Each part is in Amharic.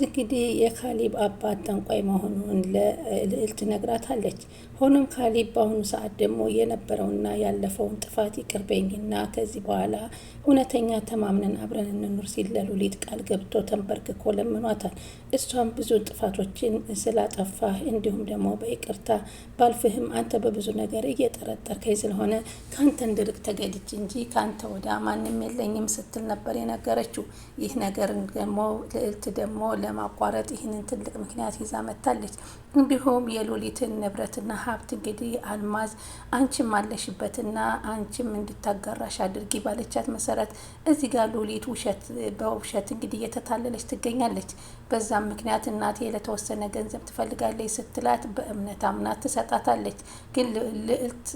ስለዚህ እንግዲህ የካሊብ አባት ጠንቋይ መሆኑን ለልዕልት ነግራታለች። ሆኖም ካሊብ በአሁኑ ሰዓት ደግሞ የነበረውና ያለፈውን ጥፋት ይቅርበኝና ከዚህ በኋላ እውነተኛ ተማምነን አብረን እንኑር ሲል ለሉሊት ቃል ገብቶ ተንበርክኮ ለምኗታል። እሷም ብዙ ጥፋቶችን ስላጠፋ እንዲሁም ደግሞ በይቅርታ ባልፍህም አንተ በብዙ ነገር እየጠረጠርከኝ ስለሆነ ከአንተ እንድርቅ ተገድጅ እንጂ ከአንተ ወዳ ማንም የለኝም ስትል ነበር የነገረችው። ይህ ነገር ደግሞ ልዕልት ደግሞ ለማቋረጥ ይህንን ትልቅ ምክንያት ይዛ መጥታለች። እንዲሁም የሎሊትን ንብረትና ሀብት እንግዲህ አልማዝ አንቺም አለሽበትና አንቺም እንድታጋራሽ አድርጊ ባለቻት መሰረት እዚህ ጋር ሎሊት ውሸት በውሸት እንግዲህ እየተታለለች ትገኛለች። በዛም ምክንያት እናቴ ለተወሰነ ገንዘብ ትፈልጋለች ስትላት በእምነት አምናት ትሰጣታለች። ግን ልዕልት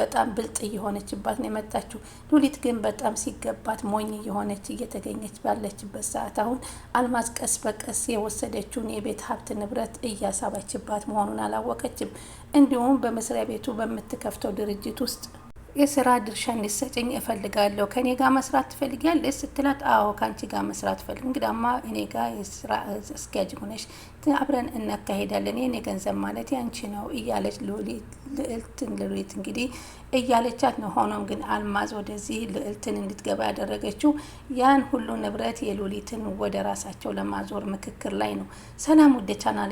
በጣም ብልጥ እየሆነችባት ነው የመጣችው። ሉሊት ግን በጣም ሲገባት ሞኝ እየሆነች እየተገኘች ባለችበት ሰዓት አሁን አልማዝ ቀስ በቀስ የወሰደችውን የቤት ሀብት ንብረት እያሳባችባት መሆኑን አላወቀችም። እንዲሁም በመስሪያ ቤቱ በምትከፍተው ድርጅት ውስጥ የስራ ድርሻ እንዲሰጭኝ እፈልጋለሁ። ከኔ ጋር መስራት ትፈልጊያለሽ ስትላት፣ አዎ ከአንቺ ጋር መስራት ፈልግ እንግዳማ እኔ ጋር የስራ አስኪያጅ ሆነሽ አብረን እናካሄዳለን የኔ ገንዘብ ማለት ያንቺ ነው እያለች ልዕልትን ሉሊት እንግዲህ እያለቻት ነው። ሆኖም ግን አልማዝ ወደዚህ ልዕልትን እንድትገባ ያደረገችው ያን ሁሉ ንብረት የሉሊትን ወደ ራሳቸው ለማዞር ምክክር ላይ ነው። ሰላም ወደ ቻናል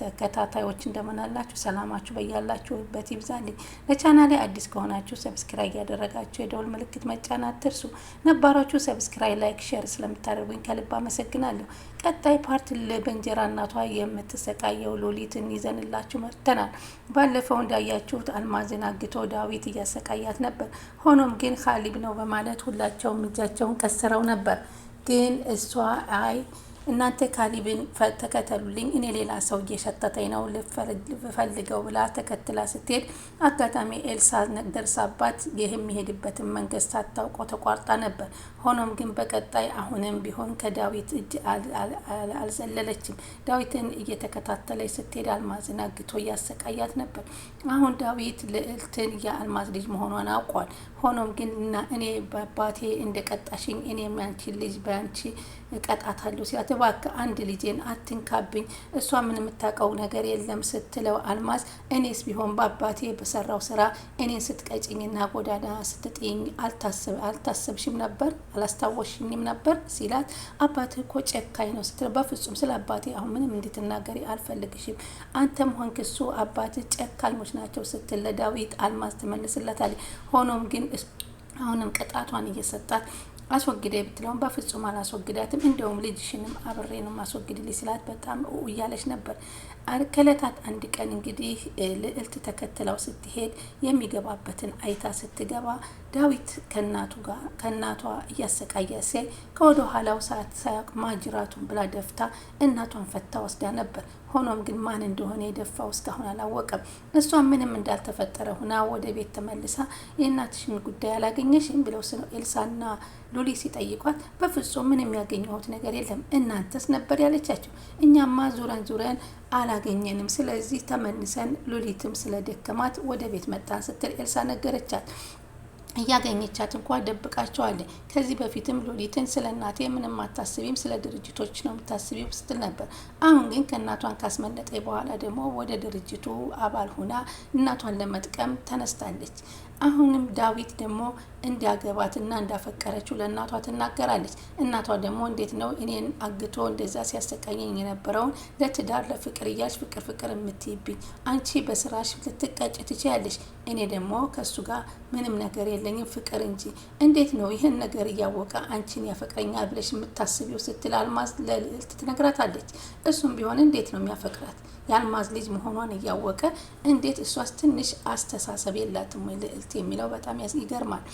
ተከታታዮች እንደምናላችሁ ሰላማችሁ በያላችሁበት ይብዛልኝ። ለቻናል አዲስ ከሆናችሁ ሰብስክራይ እያደረጋችሁ የደውል ምልክት መጫን አትርሱ። ነባሮቹ ሰብስክራይ፣ ላይክ፣ ሼር ስለምታደርጉኝ ከልብ አመሰግናለሁ። ቀጣይ ፓርት በእንጀራ እናቷ የምትሰቃየው ሎሊትን ይዘንላችሁ መርተናል። ባለፈው እንዳያችሁት አልማዝን አግቶ ዳዊት እያሰቃያት ነበር። ሆኖም ግን ካሊብ ነው በማለት ሁላቸውም እጃቸውን ቀስረው ነበር። ግን እሷ አይ እናንተ ካሊብን ተከተሉልኝ፣ እኔ ሌላ ሰው እየሸተተኝ ነው ልፈልገው ብላ ተከትላ ስትሄድ አጋጣሚ ኤልሳ ደርሳባት የሚሄድበትን መንገድ ሳታውቀው ተቋርጣ ነበር። ሆኖም ግን በቀጣይ አሁንም ቢሆን ከዳዊት እጅ አልዘለለችም። ዳዊትን እየተከታተለች ስትሄድ አልማዝን አግቶ እያሰቃያት ነበር። አሁን ዳዊት ልዕልትን የአልማዝ ልጅ መሆኗን አውቋል። ሆኖም ግን እና እኔ በአባቴ እንደቀጣሽኝ እኔ እኔም ልጅ በአንቺ እቀጣታለሁ ሲላት እባክህ አንድ ልጄን አትንካብኝ፣ እሷ ምን የምታውቀው ነገር የለም ስትለው አልማዝ እኔስ ቢሆን በአባቴ በሰራው ስራ እኔን ስትቀጭኝና ጎዳና ስትጥኝ አልታሰብሽም ነበር አላስታወሽኝም ነበር ሲላት አባትህ እኮ ጨካኝ ነው ስትለው በፍጹም ስለ አባቴ አሁን ምንም እንድትናገሪ አልፈልግሽም፣ አንተም ሆንክ እሱ አባትህ ጨካኞች ናቸው ስትል ለዳዊት አልማዝ ትመልስለታለች። ሆኖም ግን አሁንም ቅጣቷን እየሰጣት አስወግደ ብትለውን በፍጹም አላስወግዳትም፣ እንደውም ልጅሽንም አብሬ ነው ማስወግድልኝ ስላት በጣም እያለች ነበር። ከእለታት አንድ ቀን እንግዲህ ልዕልት ተከትለው ስትሄድ የሚገባበትን አይታ ስትገባ ዳዊት ከእናቱ ጋር ከእናቷ እያሰቃየ ሴ ከወደ ኋላው ሰዓት ሳያውቅ ማጅራቱን ብላ ደፍታ እናቷን ፈታ ወስዳ ነበር። ሆኖም ግን ማን እንደሆነ የደፋው እስካሁን አላወቀም። እሷ ምንም እንዳልተፈጠረ ሁና ወደ ቤት ተመልሳ የእናትሽን ጉዳይ አላገኘሽም ብለው ስለ ኤልሳና ሉሊ ሲጠይቋት በፍጹም ምንም ያገኘሁት ነገር የለም እናንተስ ነበር ያለቻቸው። እኛማ ዙረን ዙረን አላገኘንም። ስለዚህ ተመልሰን ሉሊትም ስለደከማት ወደ ቤት መጣን ስትል ኤልሳ ነገረቻት። እያገኘቻት እንኳ ደብቃቸዋለ ከዚህ በፊትም ሎሊትን ስለ እናቴ ምንም አታስቢም፣ ስለ ድርጅቶች ነው የምታስቢው ስትል ነበር። አሁን ግን ከእናቷን ካስመለጠ በኋላ ደግሞ ወደ ድርጅቱ አባል ሆና እናቷን ለመጥቀም ተነስታለች። አሁንም ዳዊት ደግሞ እንዲያገባትና እንዳፈቀረችው ለእናቷ ትናገራለች። እናቷ ደግሞ እንዴት ነው እኔን አግቶ እንደዛ ሲያሰቃየኝ የነበረውን ለትዳር ለፍቅር እያልሽ ፍቅር ፍቅር የምትይብኝ አንቺ በስራሽ ልትቀጭ ትችያለሽ። እኔ ደግሞ ከእሱ ጋር ምንም ነገር የለኝም ፍቅር እንጂ እንዴት ነው ይህን ነገር እያወቀ አንቺን ያፈቅረኛል ብለሽ የምታስቢው ስትል አልማዝ ለልዕልት ትነግራታለች። እሱም ቢሆን እንዴት ነው የሚያፈቅራት የአልማዝ ልጅ መሆኗን እያወቀ እንዴት እሷስ ትንሽ አስተሳሰብ የላትም ወይ ልዕልት የሚለው በጣም ይገርማል።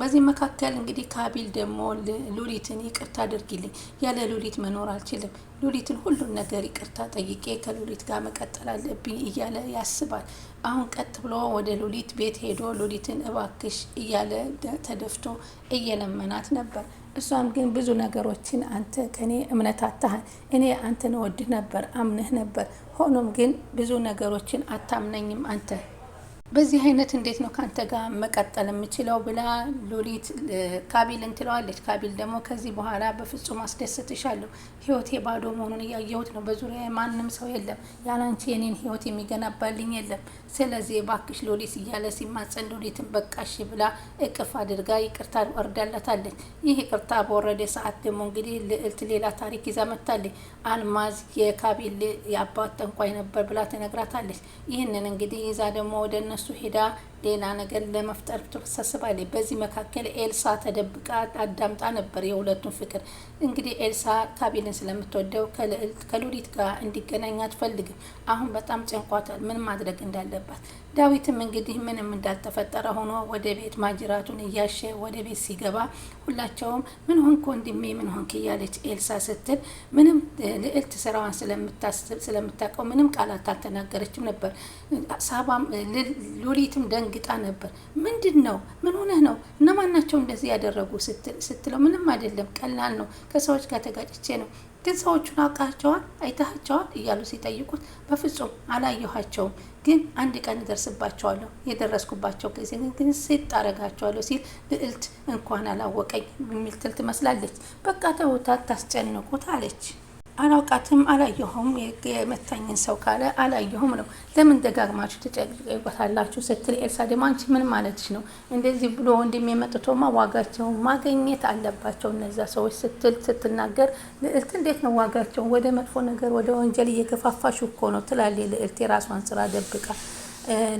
በዚህ መካከል እንግዲህ ካቢል ደግሞ ሉሊትን ይቅርታ አድርጊልኝ፣ ያለ ሉሊት መኖር አልችልም፣ ሉሊትን ሁሉን ነገር ይቅርታ ጠይቄ ከሉሊት ጋር መቀጠል አለብኝ እያለ ያስባል። አሁን ቀጥ ብሎ ወደ ሉሊት ቤት ሄዶ ሉሊትን እባክሽ እያለ ተደፍቶ እየለመናት ነበር። እሷም ግን ብዙ ነገሮችን አንተ ከኔ እምነት አታህን እኔ አንተን ወድህ ነበር አምነህ ነበር ሆኖም ግን ብዙ ነገሮችን አታምነኝም አንተ በዚህ አይነት እንዴት ነው ከአንተ ጋር መቀጠል የምችለው ብላ ሎሊት ካቢል እንትለዋለች። ካቢል ደግሞ ከዚህ በኋላ በፍጹም አስደስትሻለሁ፣ ህይወቴ ባዶ መሆኑን እያየሁት ነው። በዙሪያ ማንም ሰው የለም፣ ያላንቺ የኔን ህይወት የሚገነባልኝ የለም። ስለዚህ የባክሽ ሎሊት እያለ ሲማጸን፣ ሎሊትን በቃሽ ብላ እቅፍ አድርጋ ይቅርታ ወርዳላታለች። ይህ ይቅርታ በወረደ ሰዓት ደግሞ እንግዲህ ልዕልት ሌላ ታሪክ ይዛ መታለች። አልማዝ የካቢል የአባት ጠንቋይ ነበር ብላ ትነግራታለች። ይህንን እንግዲህ ይዛ ደግሞ ወደ እነሱ እነሱ ሄዳ ሌላ ነገር ለመፍጠር ተሳስባለች። በዚህ መካከል ኤልሳ ተደብቃ አዳምጣ ነበር የሁለቱን ፍቅር። እንግዲህ ኤልሳ ካቤልን ስለምትወደው ከሉሊት ጋር እንዲገናኝ አትፈልግም። አሁን በጣም ጨንቋታል፣ ምን ማድረግ እንዳለባት። ዳዊትም እንግዲህ ምንም እንዳልተፈጠረ ሆኖ ወደ ቤት ማጅራቱን እያሸ ወደ ቤት ሲገባ ሁላቸውም ምን ሆንክ ወንድሜ፣ ምን ሆንክ እያለች ኤልሳ ስትል ምንም ልዕልት ስራዋን ስለምታውቀው ምንም ቃላት አልተናገረችም ነበር። ሳባም ሉሊትም ደንግ ደንግጣ ነበር። ምንድን ነው ምን ሆነህ ነው? እነማን ናቸው እንደዚህ ያደረጉ ስትለው ምንም አይደለም፣ ቀላል ነው፣ ከሰዎች ጋር ተጋጭቼ ነው። ግን ሰዎቹን አውቃቸዋል፣ አይታቸዋል እያሉ ሲጠይቁት በፍጹም አላየኋቸውም፣ ግን አንድ ቀን እደርስባቸዋለሁ፣ የደረስኩባቸው ጊዜ ግን ሴት አረጋቸዋለሁ ሲል ልዕልት እንኳን አላወቀኝ የሚል ትል ትመስላለች። በቃ ተውታት ታስጨንቁት አለች። አላውቃትም አላየሁም፣ የመታኝን ሰው ካለ አላየሁም ነው። ለምን ደጋግማችሁ ትጨቅጭቁታላችሁ? ስትል ኤልሳ ደግሞ አንቺ ምን ማለትሽ ነው? እንደዚህ ብሎ ወንድም የመጥቶማ ዋጋቸውን ማገኘት አለባቸው እነዛ ሰዎች ስትል ስትናገር፣ ልዕልት እንዴት ነው ዋጋቸውን ወደ መጥፎ ነገር ወደ ወንጀል እየገፋፋሽ እኮ ነው ትላለች ልዕልት የራሷን ስራ ደብቃ።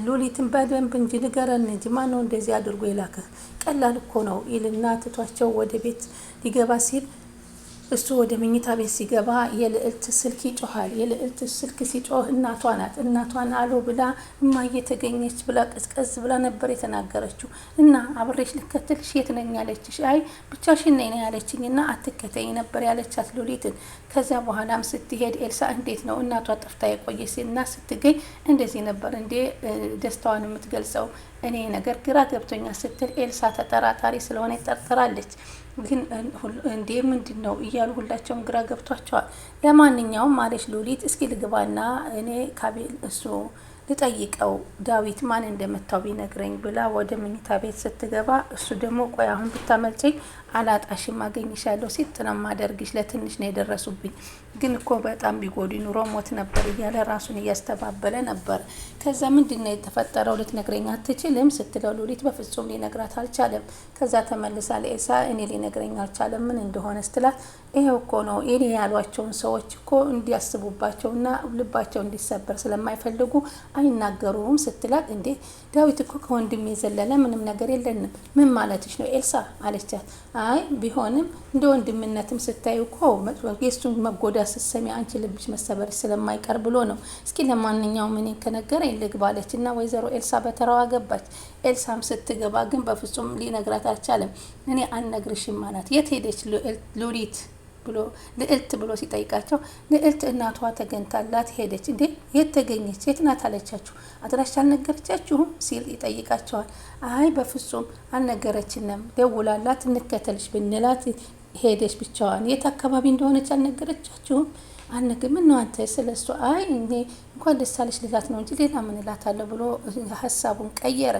ሉሊትን በደንብ እንጂ ንገረን እንጂ ማነው እንደዚህ አድርጎ የላከ? ቀላል እኮ ነው ይልና ትቷቸው ወደ ቤት ሊገባ ሲል እሱ ወደ መኝታ ቤት ሲገባ የልዕልት ስልክ ይጮኋል። የልዕልት ስልክ ሲጮህ እናቷ ናት። እናቷን አሎ ብላ እማዬ ተገኘች ብላ ቀዝቀዝ ብላ ነበር የተናገረችው እና አብሬሽ ልከተልሽ የት ነኝ ያለችሽ? አይ ብቻሽን ነኝ ያለችኝ እና አትከተኝ ነበር ያለቻት ሉሊትን። ከዚያ በኋላም ስትሄድ ኤልሳ እንዴት ነው እናቷ ጠፍታ የቆየ እና ስትገኝ እንደዚህ ነበር እንዴ ደስታዋን የምትገልጸው እኔ ነገር ግራ ገብቶኛ ስትል ኤልሳ ተጠራጣሪ ስለሆነ ጠርጥራለች። ግን እንዴ ምንድን ነው እያሉ ሁላቸውም ግራ ገብቷቸዋል። ለማንኛውም ማለች ሉሊት እስኪ ልግባና እኔ ካቤል እሱ ልጠይቀው ዳዊት ማን እንደመታው ቢነግረኝ ብላ ወደ መኝታ ቤት ስትገባ እሱ ደግሞ ቆይ አሁን ብታመልጨኝ አላጣሽም አገኝሻለሁ ሲት ነው ማደርግሽ። ለትንሽ ነው የደረሱብኝ፣ ግን እኮ በጣም ቢጎዱ ኑሮ ሞት ነበር እያለ ራሱን እያስተባበለ ነበር። ከዛ ምንድን ነው የተፈጠረው ልትነግረኝ አትችልም ስትለው ሉሊት በፍጹም ሊነግራት አልቻለም። ከዛ ተመልሳ ለኤልሳ እኔ ሊነግረኝ አልቻለም ምን እንደሆነ ስትላት ይሄው እኮ ነው እኔ ያሏቸውን ሰዎች እኮ እንዲያስቡባቸውና ልባቸው እንዲሰበር ስለማይፈልጉ አይናገሩም ስትላት እንዴ ዳዊት እኮ ከወንድም የዘለለ ምንም ነገር የለንም። ምን ማለትሽ ነው ኤልሳ አለቻት። አይ ቢሆንም እንደ ወንድምነትም ስታይ እኮ የእሱን መጎዳ ስትሰሚ አንቺ ልብሽ መሰበር ስለማይቀር ብሎ ነው። እስኪ ለማንኛውም እኔ ከነገረኝ ልግባለች እና ወይዘሮ ኤልሳ በተራዋ ገባች። ኤልሳም ስትገባ ግን በፍጹም ሊነግራት አልቻለም። እኔ አልነግርሽም አላት። የት ሄደች ሉሊት ብሎ ልዕልት ብሎ ሲጠይቃቸው ልዕልት እናቷ ተገኝታላት ሄደች። እንዴ የት ተገኘች? የት ናት አለቻችሁ? አድራሻ አልነገረቻችሁም ሲል ይጠይቃቸዋል። አይ በፍጹም አልነገረችንም፣ ደውላላት እንከተልሽ ብንላት ሄደች ብቻዋን። የት አካባቢ እንደሆነች አልነገረቻችሁም? አነግ ምን ነው አንተ ስለ አይ እኔ እንኳን ደስ አለሽ ልላት ነው እንጂ ሌላ ምን እላታለሁ ብሎ ሀሳቡን ቀየረ።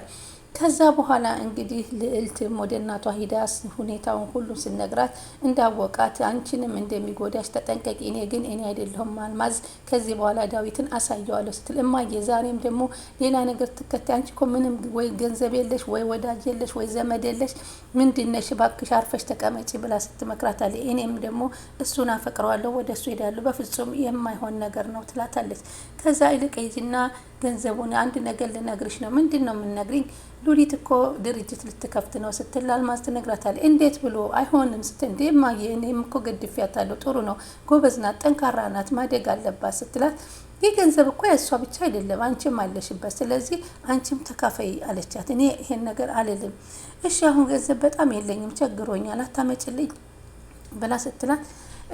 ከዛ በኋላ እንግዲህ ልዕልትም ወደ እናቷ ሂዳ ሁኔታውን ሁሉ ስነግራት እንዳወቃት አንቺንም እንደሚጎዳሽ ተጠንቀቂ፣ እኔ ግን እኔ አይደለሁም አልማዝ ከዚህ በኋላ ዳዊትን አሳየዋለሁ ስትል እማዬ፣ ዛሬም ደግሞ ሌላ ነገር ትከታይ። አንቺ እኮ ምንም ወይ ገንዘብ የለሽ ወይ ወዳጅ የለሽ ወይ ዘመድ የለሽ ምንድነሽ? እባክሽ አርፈሽ ተቀመጪ ብላ ስትመክራታለች። እኔም ደግሞ እሱን አፈቅረዋለሁ ወደ እሱ ሄዳለሁ፣ በፍጹም የማይሆን ነገር ነው ትላታለች። ከዛ ይልቅ ሂጂና ገንዘቡን አንድ ነገር ልነግርሽ ነው። ምንድን ነው የምንነግርኝ? ሉሊት እኮ ድርጅት ልትከፍት ነው ስትል አልማዝ ትነግራታለች። እንዴት ብሎ አይሆንም ስትል እንዴ ማየ እኔም እኮ ገድፊያታለሁ። ጥሩ ነው፣ ጎበዝ ናት፣ ጠንካራ ናት፣ ማደግ አለባት ስትላት ይህ ገንዘብ እኮ የእሷ ብቻ አይደለም፣ አንቺም አለሽበት። ስለዚህ አንቺም ተካፈይ አለቻት። እኔ ይሄን ነገር አልልም። እሺ አሁን ገንዘብ በጣም የለኝም፣ ቸግሮኛል፣ አታመጭልኝ ብላ ስትላት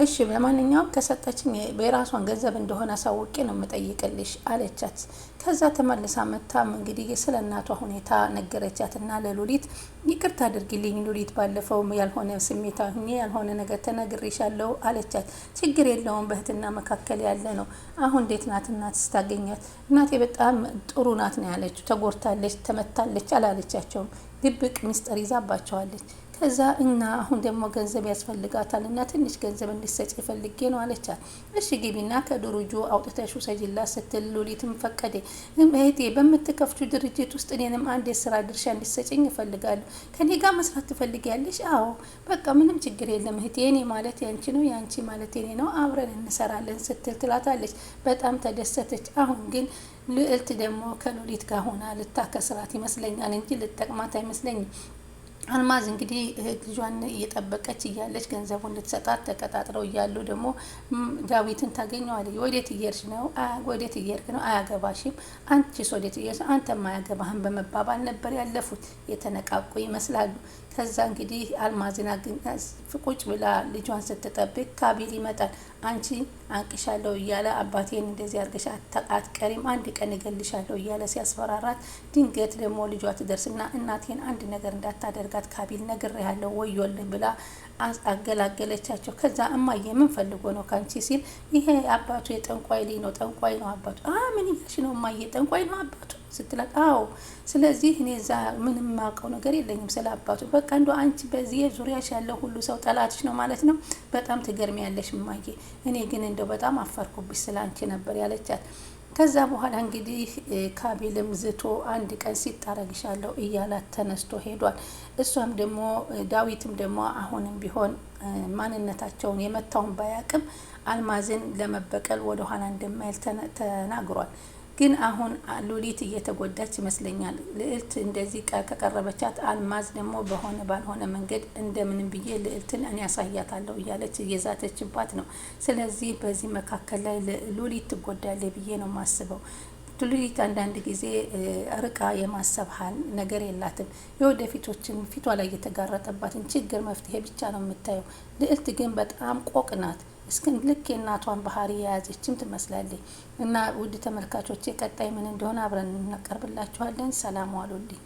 እሺ ለማንኛውም ከሰጠችኝ የራሷን ገንዘብ እንደሆነ አሳውቄ ነው የምጠይቅልሽ አለቻት። ከዛ ተመልሳ መታም እንግዲህ ስለ እናቷ ሁኔታ ነገረቻት ነገረቻትና ለሉሊት ይቅርታ አድርግልኝ ሉሊት፣ ባለፈው ያልሆነ ስሜታ ሁኜ ያልሆነ ነገር ተነግሬሻለሁ አለቻት። ችግር የለውም በእህትና መካከል ያለ ነው። አሁን እንዴት ናት እናት ስታገኛት? እናቴ በጣም ጥሩ ናት ነው ያለችው። ተጎርታለች፣ ተመታለች አላለቻቸውም። ድብቅ ሚስጥር ይዛባቸዋለች ከዛ እና አሁን ደግሞ ገንዘብ ያስፈልጋታል እና ትንሽ ገንዘብ እንዲሰጭ ይፈልጌ ነው አለቻት። እሺ ግቢና ከድርጁ አውጥተሽ ውሰጂላት ስትል ሉሊትም ፈቀደ። እህቴ በምትከፍቹ ድርጅት ውስጥ እኔንም አንድ የስራ ድርሻ እንዲሰጭኝ ይፈልጋሉ። ከኔ ጋር መስራት ትፈልጊያለሽ? አዎ በቃ ምንም ችግር የለም እህቴ፣ የኔ ማለት ያንቺ ነው፣ ያንቺ ማለት የኔ ነው፣ አብረን እንሰራለን ስትል ትላታለች። በጣም ተደሰተች። አሁን ግን ልዕልት ደግሞ ከሉሊት ጋር ሆና ልታከስራት ይመስለኛል እንጂ ልጠቅማት አይመስለኝም። አልማዝ እንግዲህ ልጇን እየጠበቀች እያለች ገንዘቡን ልትሰጣት ተቀጣጥረው እያሉ ደግሞ ዳዊትን ታገኘዋለች። ወዴት እየርሽ ነው? ወዴት እየሄድክ ነው? አያገባሽም። አንቺስ ወዴት እየርሽ? አንተ ማያገባህን በመባባል ነበር ያለፉት። የተነቃቁ ይመስላሉ። ከዛ እንግዲህ አልማዝን አልማዝና ቁጭ ብላ ልጇን ስትጠብቅ ካቢል ይመጣል። አንቺ አንቅሻለሁ እያለ አባቴን እንደዚህ አርገሻ አትቀሪም፣ አንድ ቀን እገልሻለሁ እያለ ሲያስፈራራት፣ ድንገት ደግሞ ልጇ ትደርስና እናቴን አንድ ነገር እንዳታደርጋት ካቢል ነግሬሃለሁ፣ ወዮልህ ብላ አገላገለቻቸው። ከዛ እማዬ ምን ፈልጎ ነው ከአንቺ ሲል ይሄ አባቱ የጠንቋይ ልጅ ነው፣ ጠንቋይ ነው አባቱ። ምን እያልሽ ነው እማዬ? ጠንቋይ ነው አባቱ ስትላት አዎ፣ ስለዚህ እኔ እዛ ምንም ማውቀው ነገር የለኝም ስለ አባቱ። በቃ አንዱ አንቺ በዚህ ዙሪያሽ ያለው ሁሉ ሰው ጠላትሽ ነው ማለት ነው። በጣም ትገርሚያለሽ እማዬ። እኔ ግን እንደው በጣም አፈርኩብሽ ስለ አንቺ ነበር ያለቻት። ከዛ በኋላ እንግዲህ ካቢልም ዝቶ አንድ ቀን ሲጣረግሻለሁ እያላት ተነስቶ ሄዷል። እሷም ደግሞ ዳዊትም ደግሞ አሁንም ቢሆን ማንነታቸውን የመታውን ባያቅም አልማዝን ለመበቀል ወደኋላ እንደማይል ተናግሯል። ግን አሁን ሉሊት እየተጎዳች ይመስለኛል። ልዕልት እንደዚህ ከቀረበቻት አልማዝ ደግሞ በሆነ ባልሆነ መንገድ እንደምንም ብዬ ልዕልትን እኔ ያሳያታለሁ እያለች እየዛተችባት ነው። ስለዚህ በዚህ መካከል ላይ ሉሊት ትጎዳለች ብዬ ነው የማስበው። ሉሊት አንዳንድ ጊዜ ርቃ የማሰብ ነገር የላትም። የወደፊቶችን ፊቷ ላይ የተጋረጠባትን ችግር መፍትሄ ብቻ ነው የምታየው። ልዕልት ግን በጣም ቆቅ ናት። እስክን ልክ የእናቷን ባህሪ የያዘችም ትመስላለች። እና ውድ ተመልካቾቼ ቀጣይ ምን እንደሆነ አብረን እናቀርብላችኋለን። ሰላም ዋሉልኝ።